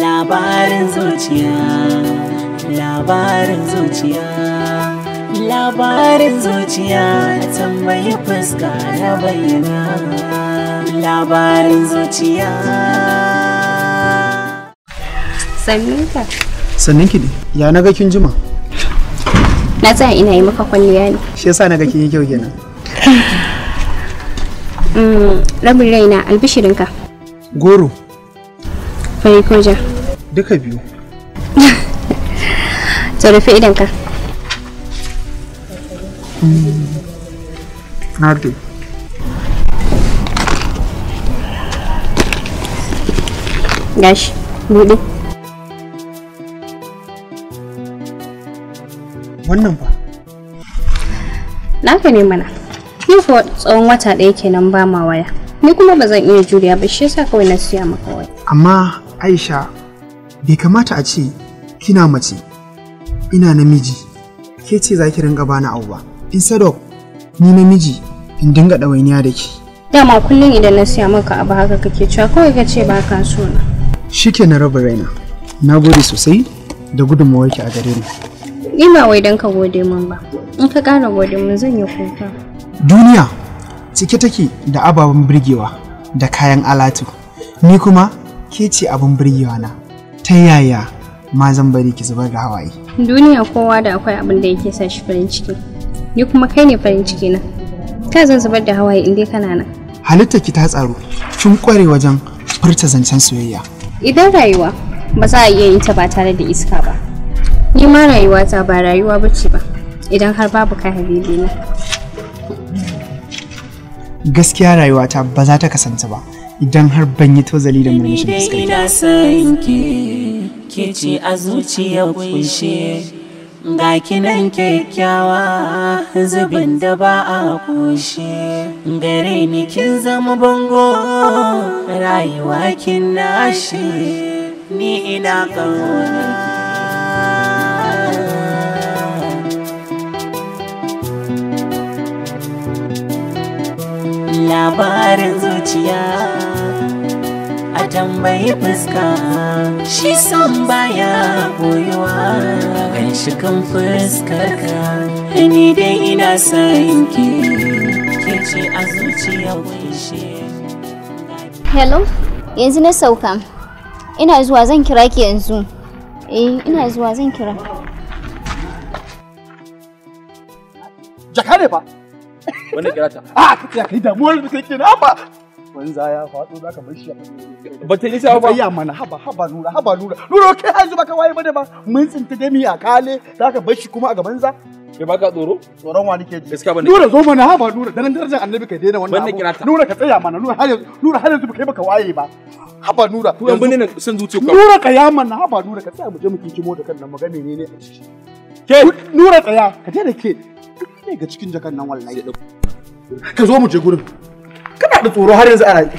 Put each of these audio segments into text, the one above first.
Labarin zuciya, labarin zuciya, labarin zuciya tambayi fuska na bayyana. Labarin zuciya. Sanninka. Sannin ne, ya na kin jima? Na tsaya ina yi maka kwalliya ne. Shi yasa na kin yi kyau kenan. Mm, rabin raina albishirinka. Goro. fari ko ja duka biyu Ta rufe idan ka hmm. na dai gashi buɗe wannan ba naka ne mana ni kuwa tsawon wata ɗaya kenan ba ma waya ni kuma ba zan iya juriya ba shi yasa kawai na siya maka waya amma aisha bai kamata a ce kina mace ina namiji ke ce za ki ringa bani abu ba in sadok ni namiji in dinga ɗawainiya da ke dama kullum idan na siya maka abu haka kake cewa kawai ka ce ba ka so na shike na raba raina na gode sosai da gudunmawar ki a gare ni ni ba wai don ka gode min ba in ka ƙara gode min zan yi kuka duniya cike take da ababen birgewa da kayan alatu ni kuma ke ce abin birgewa na ta yaya ma zan bari ki zubar da hawaye duniya kowa da akwai abin da yake sa shi farin ciki ni kuma kai ne farin ciki na ta zan zubar da hawaye inda dai kana nan halitta ki ta tsaro kin kware wajen furta zancen soyayya idan rayuwa ba za a iya yin ta ba tare da iska ba ni ma rayuwa ta ba rayuwa bace ba idan har babu ka habibi na gaskiya rayuwata ba za ta kasance ba idan har ban yi tozali da murmushin fuskar ina san ki ke ce a zuciya kunshe ga kinan kyakkyawa zubin da ba a kushe gare ni kin zama bango rayuwa kin nashi ni ina kauna labarin zuciya a tambayi fuska shi son baya boyuwa kan shi kan fuskarka ni dai ina son ki ke ce a zuciya kunshe hello yanzu na sauka ina zuwa zan kira ki yanzu eh ina zuwa zan kira jaka ne ba. Wanda kira ta. A ah, ka tsaya kai damuwar da kake na ba. Banza ya faɗo zaka bar shi. Ba ta nisa ba. Ya mana haba haba nura haba nura. Nura kai yanzu baka waye bane ba. Mun tsinta dami a kale zaka bar shi kuma a gaban za. Ke baka tsoro? Tsoron wa ke ji. Gaskiya bane. Nura zo mana haba nura dan darajar annabi kai daina wannan. Banda kira ta. Nura ka tsaya mana nura har yanzu nura har yanzu kai baka waye ba. Haba nura. To yan bane san zuciyo ka. Nura ka ya mana haba nura ka tsaya mu je mu kinkimo da kan nan magana ne ne. Ke nura tsaya ka je da ke. Duk ne ga cikin jakan nan wallahi. ka zo mu je gurin kana da tsoro har yanzu ana yi.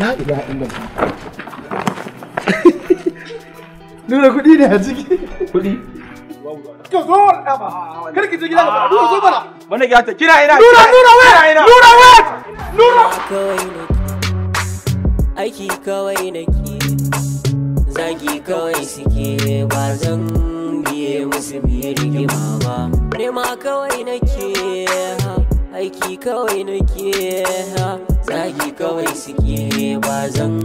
la ilaha illallah nuna kuɗi ne a ciki kuɗi ka zo kar ki je gida ka zo zo bana bana ya ta kira ina nura nura wai nura wai nura aiki kawai na ki zagi kawai suke ba zan biye musu biye rigima ba nema kawai na ki aiki kawai nake zagi kawai suke ba zan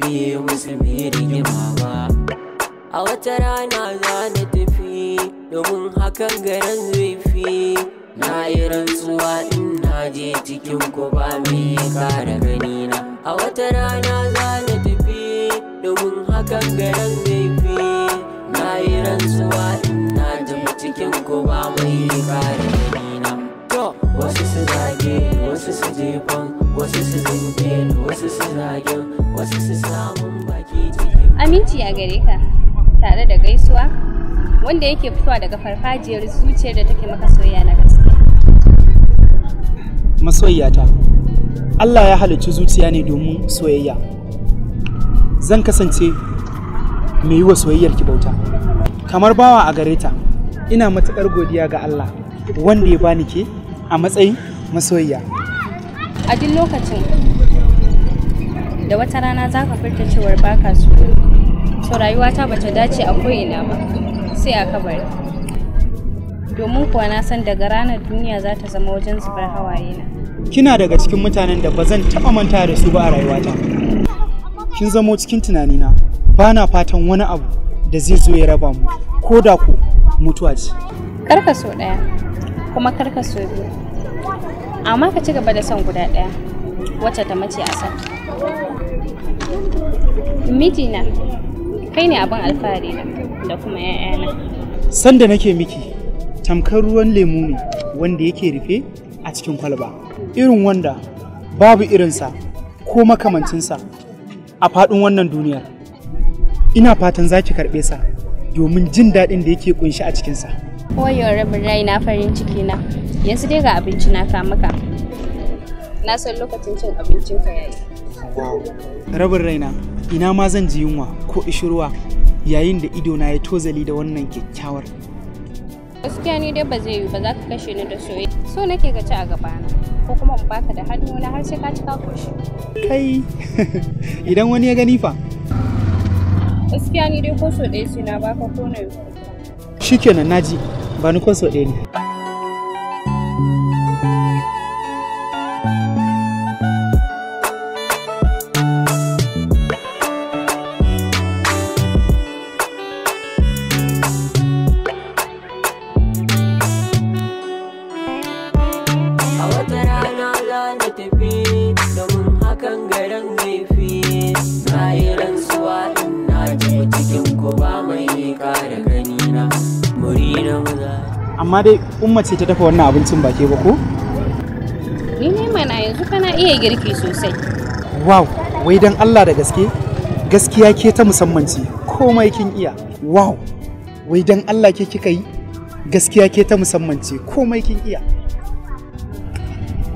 biye musu mai rigima ba a wata rana za na tafi domin hakan garin zai na yi rantsuwa in na je cikin ku ba mai kara na a wata rana za na tafi domin hakan garin zai aminci a gare ka tare da gaisuwa wanda yake fitowa daga farfajiyar zuciyar da take maka soyayya na gaske. Masoyiyata, Allah ya halicci zuciya ne domin soyayya. Zan kasance mai yi wa soyayyar ki bauta. Kamar bawa a gare ta, ina matuƙar godiya ga Allah wanda ya bani ke a matsayin masoyiya. A duk lokacin da wata rana za ka furta cewar baka so to rayuwata bata dace a ko'ina ba sai a kabari domin kuwa na san daga ranar duniya za ta zama wajen zubar hawaye na kina daga cikin mutanen da ba zan taɓa manta da su ba a rayuwata kin zamo cikin tunanina ba na fatan wani abu da zai zo ya raba mu ko da ku mutuwa ce karka so ɗaya kuma karka so biyu amma ka ci gaba da son guda ɗaya wacce ta mace a san mijina kai ne abin alfahari na da kuma 'ya'yana sanda nake miki tamkar ruwan lemu ne wanda yake rufe a cikin kwalba irin wanda babu irinsa ko makamancinsa a faɗin wannan duniyar ina fatan za ki karɓe sa domin jin daɗin da yake kunshi a cikinsa koyo rabin rai na farin ciki na yanzu dai ga abinci na ka maka na san lokacin cin abincin ka yayi rabin raina ina ma zan ji yunwa ko ishirwa yayin da idona ya tozali da wannan kyakkyawar gaskiya ni dai ba zai yi ba za ka kashe ni da soyayya so nake ka ci a gabana ko kuma in baka da na har sai ka ci ka koshi kai idan wani ya gani fa gaskiya ni dai ko so ɗaya sai na baka ko na yi shikenan naji ba ni ko so ɗaya ne ko ba mai kara gani na muri na maza amma dai umma ce ta dafa wannan abincin ba ke ba ko ni ne mana yanzu kana iya girki sosai wow wai dan Allah da gaske gaskiya ke ta musamman ce komai kin iya wow wai dan Allah ke kika yi gaskiya ke ta musamman ce komai kin iya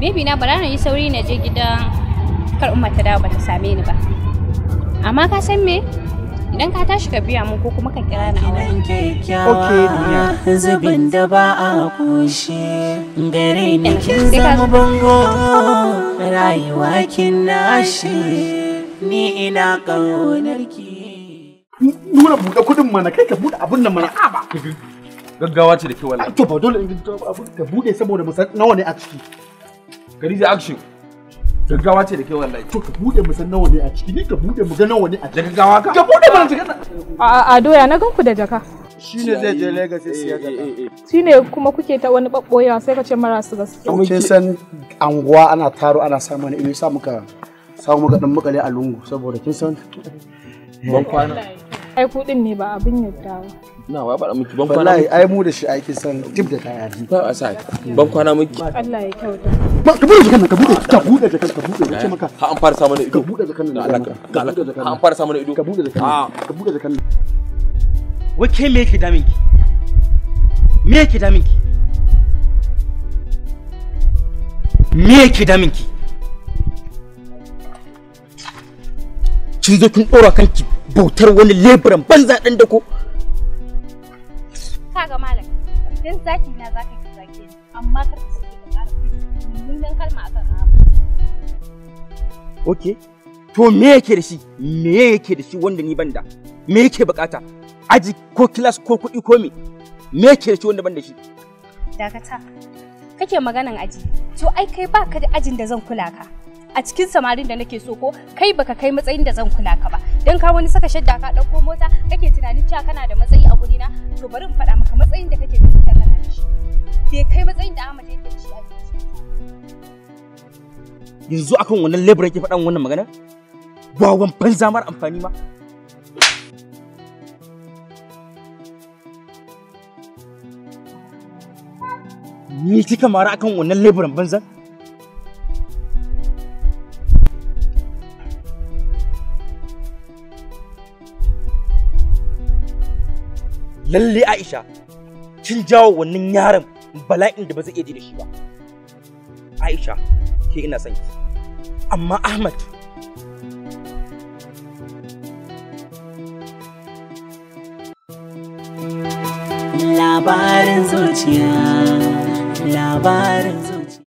baby na bara na yi sauri na je gidan kar umma ta dawo ba ta same ni ba amma ka san me idan ka tashi ka biya mun ko kuma ka kira ni a wani zubin da ba a kushe gare ni kin zama bango rayuwa kin nashi ni ina kaunar ki nuna buɗe kudin mana kai ka buɗe abun nan mana a ba gaggawa ce da ke wallahi ah, to ba dole in ka buɗe saboda mu nawa ne a ciki gari da action gaggawa ce da ke wallahi to ka bude mu san nawa ne a ciki ni ka bude mu ga nawa ne a ciki gaggawa ka ka bude mu cikin a a doya na ganku da jaka shine zai je Lagos siya jaka eh, eh, eh, shine kuma kuke ta wani babboya sai ka ce mara su kin san anguwa ana taro ana sa muka samu muka dan a lungu saboda kin san ban kwana ai kudin ne ba abin yadda ba na wa miki ban kwana ai mu da shi san tip da kaya ba ban kwana miki Allah ya kyauta ka bude ah, jakan ka bude ka bude jakan ka bude nace maka ha an fara samu ido ka bude jakan nan Allah ka Allah ha an fara samu ido ka bude ah. ka bude wai me yake damin ki me yake damin ki me yake damin ki kin zo kin dora kanki bautar wani leburan banza ɗin da ko kaga malam zaki na zaka ki zake amma ka wata to me yake da shi me yake da shi wanda ni ban da me yake bukata aji ko class ko kuɗi ko me me yake da shi wanda ban da shi dakata kake maganan aji to ai kai baka da ajin da zan kula ka a cikin samarin da nake so ko kai baka kai matsayin da zan kula ka ba dan ka wani saka shadda ka dauko mota kake tunanin cewa kana da matsayi a gurina to bari in faɗa maka matsayin da kake kana da shi bai kai matsayin da Ahmad yake da shi aji. yanzu akan wannan leburan ke faɗan wannan magana ba wan banza mara amfani ma ni kika mara akan wannan leburan banza, lalle Aisha kin jawo wannan yaron bala'in da ba zai iya ji da shi ba Aisha ke ina son ki amma Ahmad labarin zuciya labarin zuciya